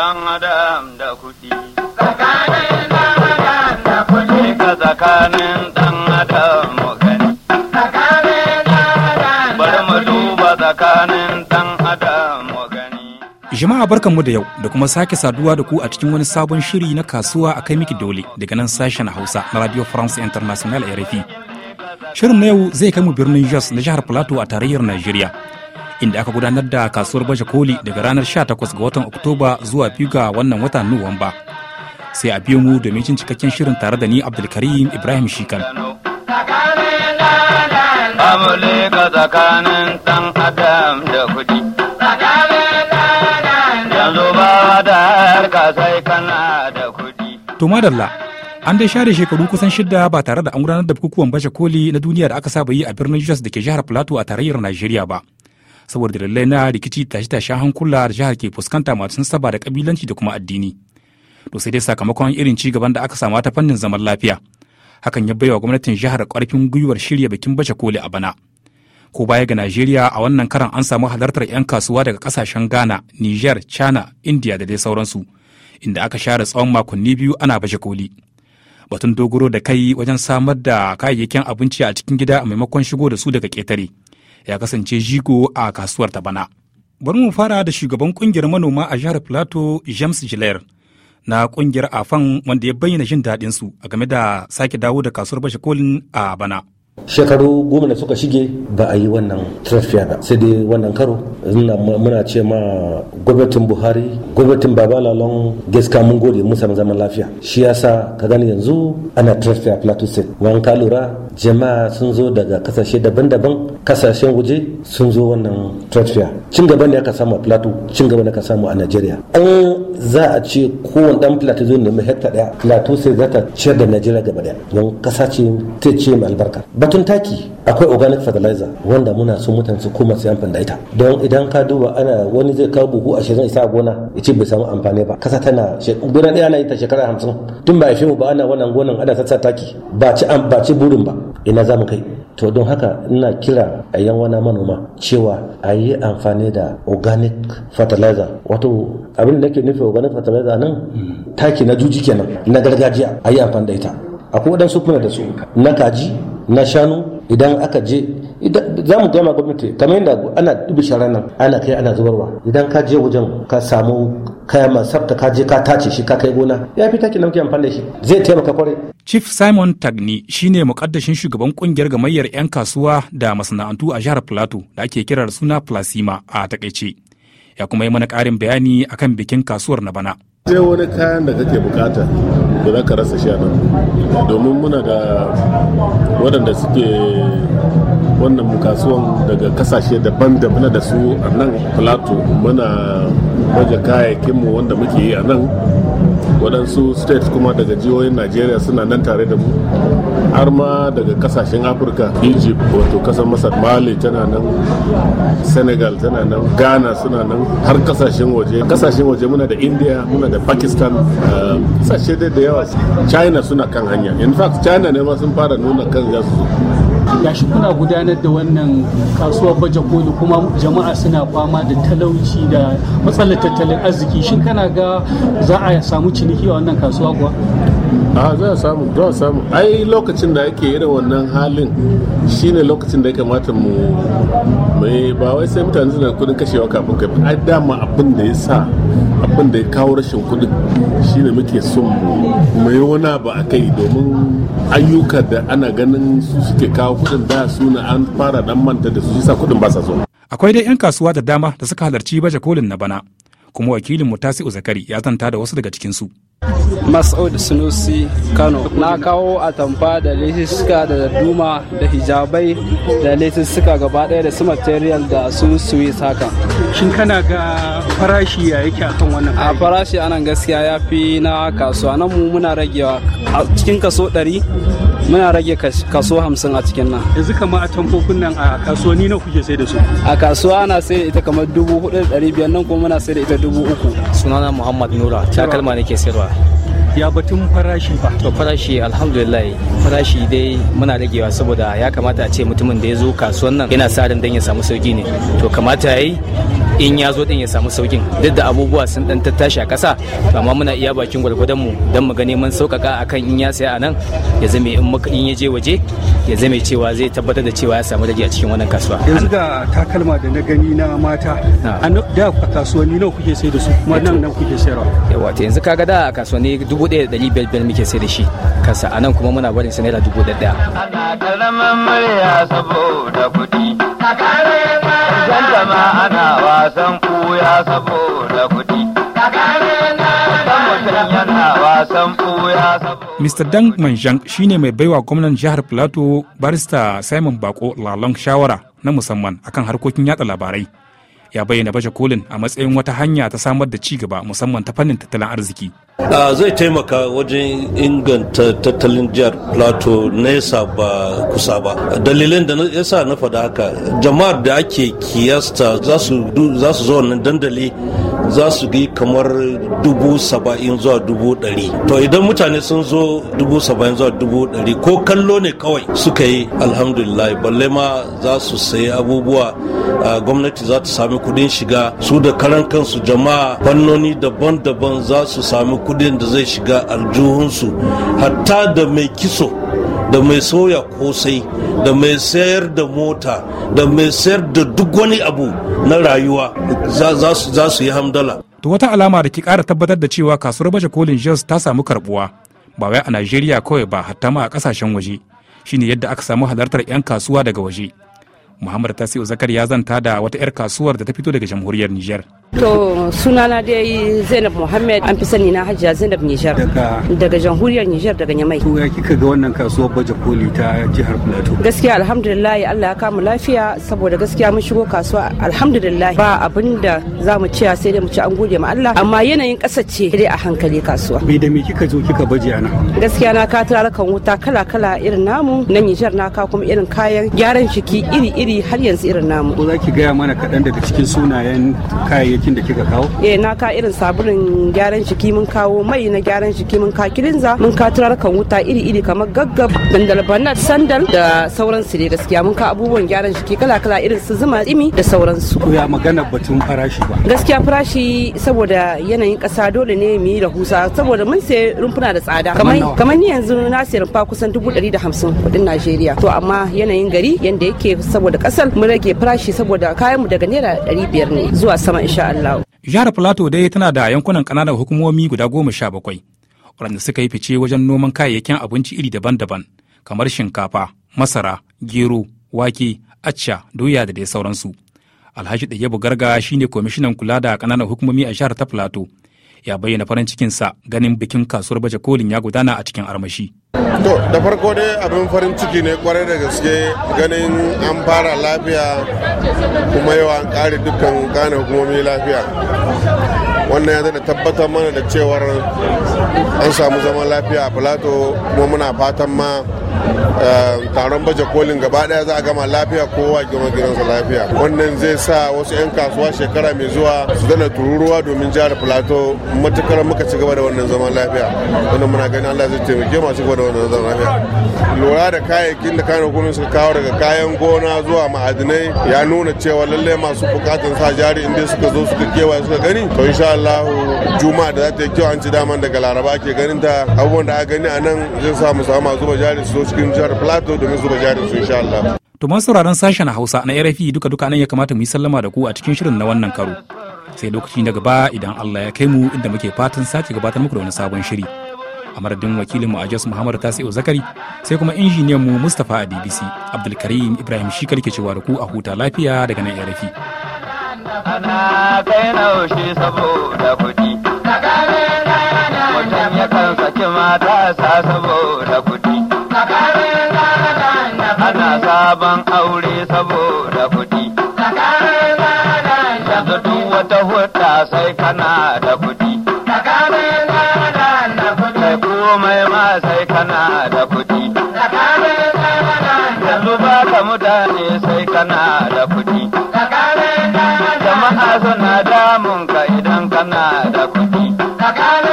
dan adam da kuɗi. Tsakanin dan adam da kuɗi. mu gani. Tsakanin dan mu Jama'a barkanmu da yau da kuma sake saduwa da ku a cikin wani sabon shiri na kasuwa a kai miki dole daga nan sashen Hausa na Radio France International RFI. Shirin na yau zai kai mu birnin Jos na jihar Plateau a tarayyar Najeriya. inda aka gudanar da kasuwar baje koli daga ranar 18 ga watan oktoba zuwa biyu ga wannan watan nuwamba sai a biyo mu domin jin cikakken shirin tare da ni abdulkarim ibrahim shikan To an dai share shekaru kusan shida ba tare da an gudanar da bukukuwan bashe koli na duniya da aka saba yi a birnin Jos da ke jihar Plateau a tarayyar Najeriya ba. saboda dalilai na rikici tashe-tashen hankula da jihar ke fuskanta masu saba da kabilanci da kuma addini to sai dai sakamakon irin ci gaban da aka samu ta fannin zaman lafiya hakan ya baiwa gwamnatin jihar karfin gwiwar shirya bikin bashe koli a bana ko baya ga najeriya a wannan karan an samu halartar 'yan kasuwa daga kasashen ghana niger china india da dai sauransu inda aka share tsawon makonni biyu ana bashe koli batun dogoro da kai wajen samar da kayayyakin abinci a cikin gida a maimakon shigo da su daga ketare ya kasance jigo a kasuwar ta bana. Bari mu fara da shugaban kungiyar manoma a jihar Plateau James Gilair na kungiyar Afan wanda ya bayyana jin daɗin su a game da sake dawo da kasuwar Bashe Kolin a bana. shekaru goma da suka shige ba a yi wannan trafiya ba sai dai wannan karo muna ce ma gwamnatin buhari gwamnatin baba lalon gaskiya mun gode mun samu zaman lafiya shi yasa ka gani yanzu ana trafiya plateau state wani ka lura jama'a sun zo daga kasashe daban-daban kasashen waje sun zo wannan transfer cin gaba ne aka samu a plateau cin gaba ne aka samu a nigeria an za a ce kowane dan plateau zai nemi hekta daya plateau sai za ta ciyar da nigeria gaba daya don kasa ce ta ce mai albarka batun taki akwai organic fertilizer wanda muna so mutane su koma su amfani da ita don idan ka duba ana wani zai kawo buhu ashirin isa gona ya ce bai samu amfani ba kasa tana gona daya na yi ta shekara hamsin tun ba a fi mu ba ana wannan gonan ana sassa taki ba ci burin ba ina za mu kai to don haka ina kira a yan yanwana manoma cewa a yi amfani da organic fertilizer wato abin da ke nufi organic fertilizer nan mm. taki na juji kenan na gargajiya a yi amfani da ita akwai waɗansu kuna da su na kaji na shanu idan aka je za mu gama gwamnati kamar yadda ana dubi nan ana kai ana zubarwa idan ka je wajen ka samu kaya masu sabta ka je ka tace shi ka kai gona ya fi takin da muke amfani da shi zai taimaka kwarai. Chief Simon Tagni shine mukaddashin shugaban kungiyar gamayyar 'yan kasuwa da masana'antu a jihar Plateau da ake kirar suna Plasima a takaice. Ya kuma yi mana karin bayani akan bikin kasuwar na bana. sai wani kayan da kake bukata da za ka rasa shi nan domin muna da waɗanda suke wannan kasuwan daga kasashe daban-daban da su a nan plato muna waje kayayyakinmu wanda muke yi a nan waɗansu state kuma daga jihohin najeriya suna nan tare da mu har ma daga kasashen afirka egypt wato kasar masar mali tana nan senegal tana nan ghana suna nan har kasashen waje kasashen waje muna da india muna da pakistan eh, kasashe da yawa china suna kan hanya in fact china ne ma sun fara nuna kan za gashi kuna gudanar da wannan kasuwar baje koli kuma jama'a suna fama da talauci da matsalar tattalin arziki shin kana ga za a samu ciniki a wannan kasuwa kuwa a za a samu za a samu ai lokacin da ake irin wannan halin shine lokacin da ya kamata mu mai ba wai sai mutane suna kudin kashewa kafin kafin ai dama abin da ya sa abin da ya kawo rashin kudin shine muke son mu mai wani ba a kai domin ayyuka da ana ganin su suke kawo kudin da suna an fara dan manta da su shi sa kudin ba sa zuwa. Akwai dai 'yan kasuwa da dama da suka halarci baje kolin na bana, kuma wakilin Mutasi Zakari ya zanta da wasu daga cikinsu. Mas'ud Sunusi Kano. Na kawo atamfa da lesussuka da duma da hijabai da lesussuka gaba ɗaya da su material da su suyi haka. Shin kana ga farashi ya yake akan wannan A farashi anan gaskiya ya fi na kasuwa nan mu muna ragewa a cikin kaso ɗari muna rage kaso hamsin a cikin nan. Yanzu kama a tamfofin nan a kasuwanni na kuke sai da su? A kasuwa ana sai da ita kamar dubu hudu da ɗari biyar nan kuma muna sai da ita dubu uku. Sunana Muhammad Nura, takalma nake sayarwa. ya batun farashi ba to farashi alhamdulillah farashi dai muna ragewa saboda ya kamata a ce mutumin da ya zo kasuwan nan yana sa dan ya samu sauki ne to kamata yayi in ya zo din ya samu saukin duk da abubuwa sun dan tattashi a to amma muna iya bakin gwargwadon mu don mu ga neman sauƙaƙa akan in ya saya a nan ya zame in ya je waje ya zame cewa zai tabbatar da cewa ya samu rage a cikin wannan kasuwa yanzu ga takalma da na gani na mata da a kasuwanni nawa kuke sai da su kuma nan nan kuke sayarwa yawa to yanzu kaga da a kasuwanni dubu ɗaya da biyar biyar muke sai da shi kasa a nan kuma muna barin sa naira dubu ɗaya ana karaman murya saboda kuɗi Karshen jama ana wasan ɓuya saboda kuɗi. Mr. Dang Manjang ne mai baiwa gwamnan jihar Plateau barista Simon Bako lalong shawara na musamman akan harkokin yatsa labarai. Ya bayyana baje kolin a matsayin wata hanya ta samar da ci gaba musamman ta fannin tattalin arziki. zai taimaka wajen inganta tattalin jihar plateau nesa ba kusa ba dalilin da ya sa na faɗa haka jama'ar da ake kiyasta za su zo wannan dandali za su yi kamar dubu saba'in zuwa dubu ɗari to idan mutane sun zo dubu saba'in zuwa dubu ɗari ko kallo ne kawai suka yi alhamdulillah balle ma za su sayi abubuwa gwamnati za ta sami kuɗin shiga su da karan kansu jama'a fannoni daban-daban za su sami kudin da zai shiga aljuhunsu hatta da mai kiso da mai soya kosai da mai sayar da mota da mai sayar da duk wani abu na rayuwa za su yi hamdala. To wata alama da ki kara tabbatar da cewa kasuwar baje kolin jos ta samu karbuwa ba wai a Najeriya kawai ba hatta ma a kasashen waje shine yadda aka samu halartar 'yan kasuwa daga waje. Muhammad Tasiu Zakar ya zanta da wata 'yar kasuwar da ta fito daga jamhuriyar Nijar. To sunana dai Zainab Muhammad an fi sani na Hajiya Zainab Nijar daga jamhuriyar Nijar daga Nyamai. To ya kika ga wannan kasuwar baje koli ta jihar Plateau? Gaskiya alhamdulillah Allah ya kama lafiya saboda gaskiya mun shigo kasuwa alhamdulillah ba abin da za mu ciya sai dai mu ci an gode ma Allah amma yanayin ƙasa ce dai a hankali kasuwa. Me da me kika zo kika baje ana? Gaskiya na ka kan wuta kala-kala irin namu na Nijar na ka kuma irin kayan gyaran shiki iri-iri iri har yanzu irin namu ko za ki gaya mana kaɗan daga cikin sunayen kayayyakin da kika kawo eh na ka irin sabulun gyaran jiki mun kawo mai na gyaran jiki mun ka kilinza mun ka turarkan wuta iri iri kamar gaggab dandal banat sandal da sauran su ne gaskiya mun ka abubuwan gyaran jiki kala kala irin su zuma imi da sauransu ko ya magana batun farashi ba gaskiya farashi saboda yanayin ƙasa dole ne mu yi rahusa saboda mun sayi rumfuna da tsada kamar ni yanzu na sayi fa kusan dubu ɗari da hamsin kuɗin Najeriya to amma yanayin gari yanda yake saboda kasar mu rage farashi saboda kayan mu daga naira ɗari biyar ne zuwa sama insha Allah jihar Plateau dai tana da yankunan ƙananan hukumomi guda goma sha bakwai waɗanda suka yi fice wajen noman kayayyakin abinci iri daban-daban kamar shinkafa masara gero wake acca doya da dai sauransu alhaji ɗayyabu garga ne kwamishinan kula da ƙananan hukumomi a jihar ta plateau ya bayyana farin cikinsa ganin bikin kasuwar baje kolin ya gudana a cikin armashi To da farko dai abin farin ciki ne kwarai da gaske ganin an fara lafiya kuma yawa an kare dukkan gane hukumomi lafiya. Wannan ya zai tabbatar mana da cewar an samu zaman lafiya a plato kuma muna fatan ma eh, taron baje kolin gaba daya za a gama lafiya kowa gama gidansa lafiya. Wannan zai sa wasu 'yan kasuwa shekara mai zuwa su zana tururuwa domin jihar plato matukar muka ci gaba da wannan zaman lafiya. Wannan muna ganin Allah zai taimake masu gaba da wannan zan lura da kayayyakin da kayan hukumomi suka kawo daga kayan gona zuwa ma'adinai ya nuna cewa lallai masu bukatun sa jari inda suka zo suka kewa suka gani to insha Allah juma'a da za ta yi kyau an ci daman daga laraba ake ganin ta abubuwan da aka gani a nan zai sa mu samu zuba jari su zo cikin jihar plateau domin zuba jari su insha Allah to masu sauraron sashen Hausa na RFI duka duka nan ya kamata mu yi sallama da ku a cikin shirin na wannan karo sai lokaci daga ba idan Allah ya kai mu inda muke fatan sake gabatar muku da wani sabon shiri a madadin wakilinmu a jos muhammadu tasi'u zakari sai kuma injiniyan mu mustapha a bbc abdulkarim ibrahim shi ke cewa da ku a huta lafiya daga nan yarafi Mutum ya kuɗi. Ana sabon aure saboda kuɗi. Yanzu duk wata hudda sai kana da it.